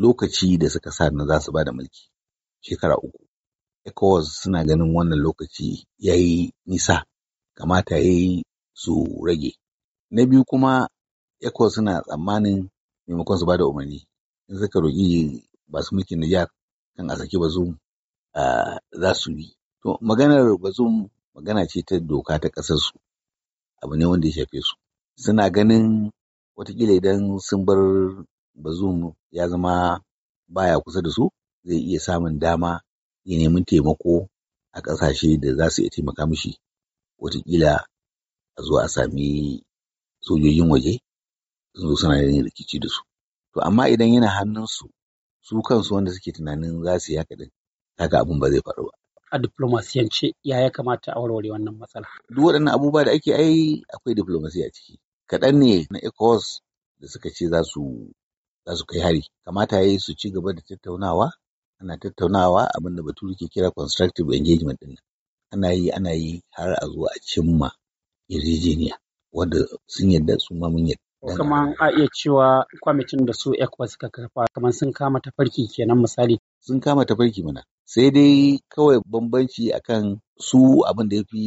lokaci da suka sa na za su ba da mulki shekara uku ECOWAS suna ganin wannan lokaci ya yi nisa kamata ya yi su rage na biyu kuma ECOWAS suna tsammanin maimakon su ba da umarni in suka roƙi masu mulkin Nijar kan a saki bazum za su yi to maganar bazum magana ce ta doka ta ƙasar su abu ne wanda ya shafe su suna ganin watakila idan sun bar ba zum ya zama baya kusa da su zai iya samun dama ya nemi taimako a ƙasashe da za su iya taimaka mishi wataƙila a zuwa a sami sojojin waje sun zo suna yin rikici da su to amma idan yana hannunsu su kansu wanda suke tunanin za su yi din haka abin ba zai faru ba a diplomasiyance ya ya kamata a warware wannan matsala duk waɗannan abubuwa da ake ai akwai diplomasiya a ciki kaɗan ne na ECOWAS da suka ce za su za su kai hari kamata ya yi su ci gaba da tattaunawa ana tattaunawa abin da bature ke kira constructive engagement din ana yi ana yi har a zuwa a cimma yarjejeniya wadda sun yadda su ma mun yadda kamar a iya cewa kwamitin da su ECOWAS suka kafa. kamar sun kama tafarki kenan misali sun kama tafarki mana sai dai kawai bambanci akan su abin da ya fi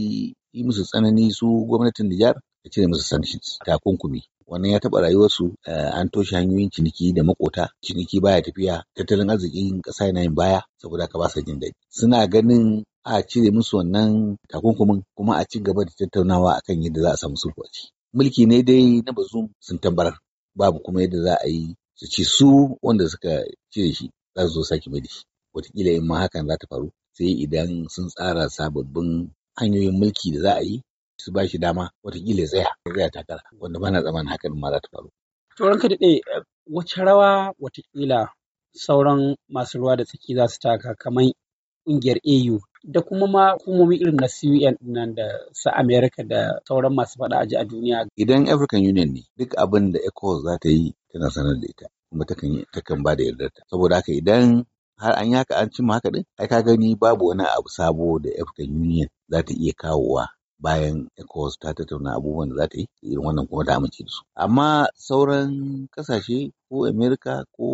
yi musu tsanani su gwamnatin Nijar a cire musu sanctions takunkumi wannan ya taɓa rayuwarsu eh, an toshe hanyoyin ciniki da makota ciniki baya tafiya tattalin arzikin ƙasa yana yin baya saboda ka ba sa jin daɗi suna ganin a cire musu wannan takunkumin kuma a ci gaba da tattaunawa akan yadda za a samu sulhu a ciki mulki ne dai na bazum sun tabbarar babu kuma yadda za a yi su ci su wanda suka cire shi za su zo sake mai da shi wataƙila in ma hakan za ta faru sai idan sun tsara sababbin hanyoyin mulki da za a yi su ba shi dama watakila ya tsaya ya tsaya takara wanda ba na haka hakan ma za ta faru. Tsoron ka daɗe wace rawa watakila sauran masu ruwa da tsaki za su taka kamar ƙungiyar AU da kuma ma hukumomi irin na CUN nan da sa Amerika da sauran masu faɗa aji a duniya. Idan African Union ne duk abin da ECOWAS za ta yi tana sanar da ita kuma takan ba da yardarta. Saboda haka idan har an yaka an cimma haka ɗin, ai ka gani babu wani abu sabo da African Union za ta iya kawowa bayan ECOWAS ta tattauna abubuwan da za ta yi irin wannan kuma da amince da su. Amma sauran ƙasashe ko Amerika ko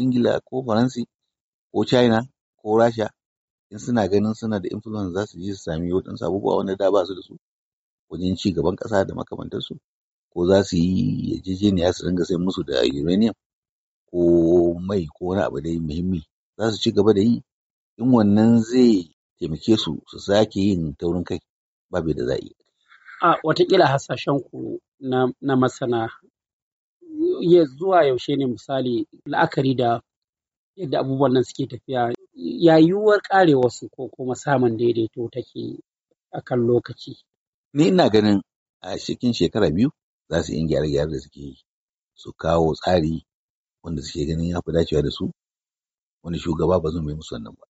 Ingila ko Faransi ko China ko Rasha in suna ganin suna da influence za su je su sami waɗansu abubuwa wanda da ba su da su wajen ci gaban ƙasa da makamantarsu ko za su yi yarjejeniya su dinga sai musu da uranium ko mai ko wani abu dai muhimmi za su ci gaba da yi in wannan zai taimake su su sake yin taurin kai babu da za'i a watakila hasashen ku na, masana ya zuwa yaushe ne misali la'akari da yadda abubuwan nan suke tafiya ya yiwuwar wasu ko kuma samun daidaito take kan lokaci ni ina ganin a cikin shekara biyu za su yi gyare-gyare da suke su kawo tsari wanda suke ganin ya fi dacewa da su wani shugaba ba zai yi musu wannan ba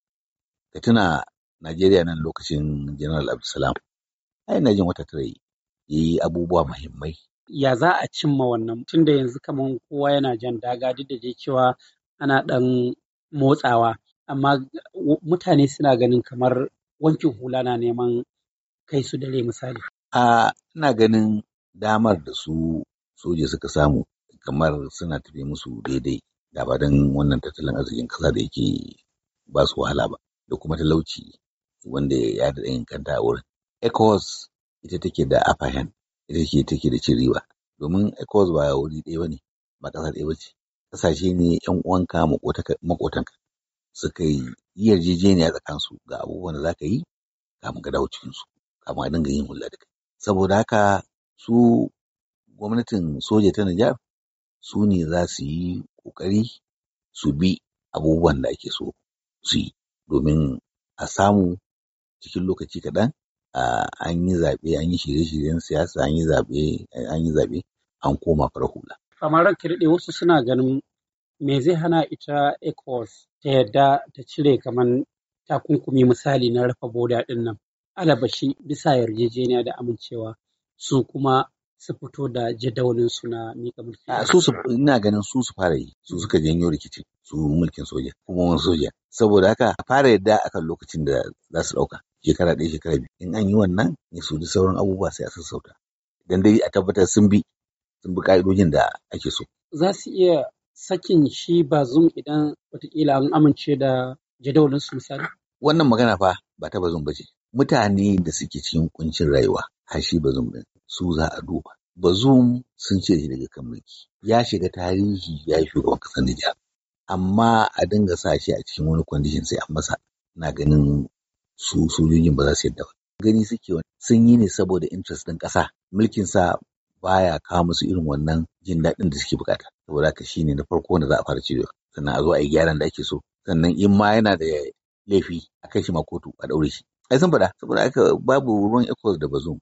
ka tuna Najeriya nan lokacin General Abdulsalam ai ina jin wata tara yi abubuwa muhimmai ya za a cimma wannan da yanzu kamar kowa yana jan daga duk da je cewa ana ɗan motsawa amma mutane suna ganin kamar wankin hula na neman kai su dare misali. A ina ganin damar da su soja suka samu kamar suna tafi musu daidai da ba don wannan tattalin arzikin kasa da yake ba su wahala ba da kuma talauci wanda ya da kanta a wurin. ECOWAS ita take da afahan ita take take da cirewa, Domin Ecos ba wuri ɗaya ba ne, ba ƙasa ɗaya ba ce. Ƙasashe ne ‘yan uwanka maƙotanka suka yi yarjejeniya tsakansu ga abubuwan da za ka yi kamun ka dawo cikinsu, kamun a dinga yin hulɗa da Saboda haka su gwamnatin soja ta Nijar su ne za su yi ƙoƙari su bi abubuwan da ake so su yi domin a samu cikin lokaci kaɗan an yi zaɓe an yi shirye-shiryen siyasa an yi zaɓe an yi zaɓe an koma farar hula. Kamar wasu suna ganin me zai hana ita ECOWAS ta yadda ta cire kamar takunkumi misali na rufe boda ɗin nan alabashi bisa yarjejeniya da amincewa su kuma su fito da jadawalin su na miƙa mulki. Su ina ganin su su fara yi su suka janyo rikicin su mulkin soja kuma wani soja saboda haka a fara yadda akan lokacin da za su ɗauka shekara ɗaya shekara biyu in an yi wannan ya su sauran abubuwa sai a sassauta idan dai a tabbatar sun bi sun bi ka'idojin da ake so. Za su iya sakin shi zum idan watakila an amince da jadawalin su misali. Wannan magana fa ba ta zum ba ce. Mutane da suke cikin kuncin rayuwa Hashi shi zumbin su za a duba bazum sun cire shi daga kan mulki ya shiga tarihi ya yi shugaban kasar Nijar amma a dinga sa shi a cikin wani kwandishin sai an masa na ganin su sojojin ba za su yadda ba gani suke sun yi ne saboda interest din kasa mulkin sa baya kawo musu irin wannan jin daɗin da suke bukata saboda haka ne na farko wanda za a fara cirewa sannan a zo a yi gyaran da ake so sannan in ma yana da laifi a kai shi ma kotu a daure shi ai sun faɗa saboda babu ruwan ecos da bazum